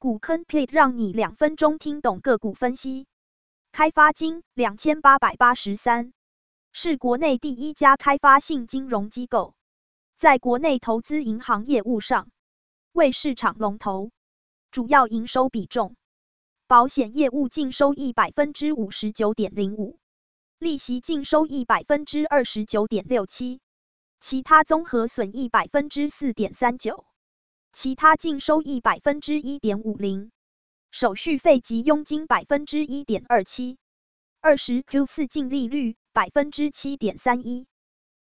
股坑 pit 讓你兩分鐘聽懂個股分析。開發金兩千八百八十三，是國內第一家開發性金融機構，在國內投資銀行業務上為市場龍頭。主要營收比重，保險業務淨收益百分之五十九點零五，利息淨收益百分之二十九點六七，其他綜合損益百分之四點三九。其他淨收益百分之一點五零，手續費及佣金百分之一點二七，二十 Q 四淨利率百分之七點三一，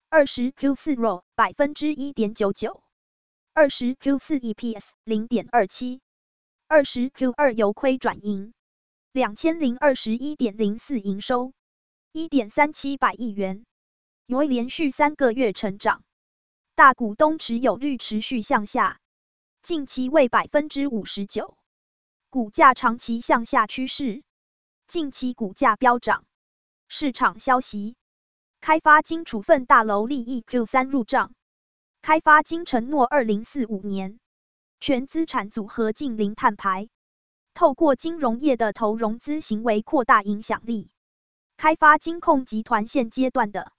二十 Q 四 ROE 百分之一點九九，二十 Q 四 EPS 零點二七，二十 Q 二由虧轉盈，兩千零二十一點零四營收，一點三七百億元，由於連續三個月成長，大股東持有率持續向下。近期為百分之五十九，股價長期向下趨勢，近期股價飆漲。市場消息，開發金處分大樓利益 Q 三入賬，開發金承諾二零四五年全資產組合淨零碳排，透過金融業的投融資行為擴大影響力。開發金控集團現階段的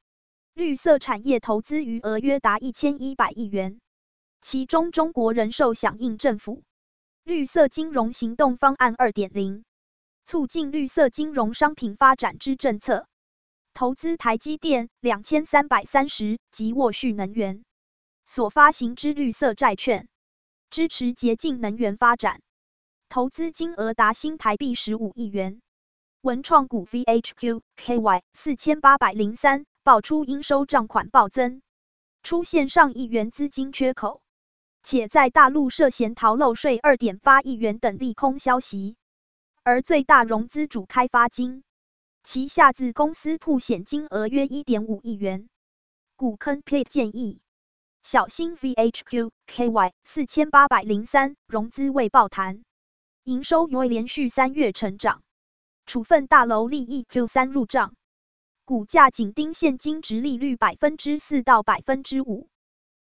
綠色產業投資餘額約達一千一百億元。其中，中國人壽響應政府綠色金融行動方案二點零，促進綠色金融商品發展之政策，投資台積電兩千三百三十及沃旭能源所發行之綠色債券，支持潔淨能源發展，投資金額達新台幣十五億元。文創股 VHQ-KY 四千八百零三，爆出應收賬款暴增，出現上億元資金缺口。且在大陸涉嫌逃漏稅二點八億元等利空消息，而最大融資主開發金旗下子公司曝險金額約一點五億元。股坑 Page 建議小心 VHQKY 四千八百零三融資未爆彈，營收為連續三月成長，處分大樓利益 Q 三入賬，股價緊盯現金殖利率百分之四到百分之五。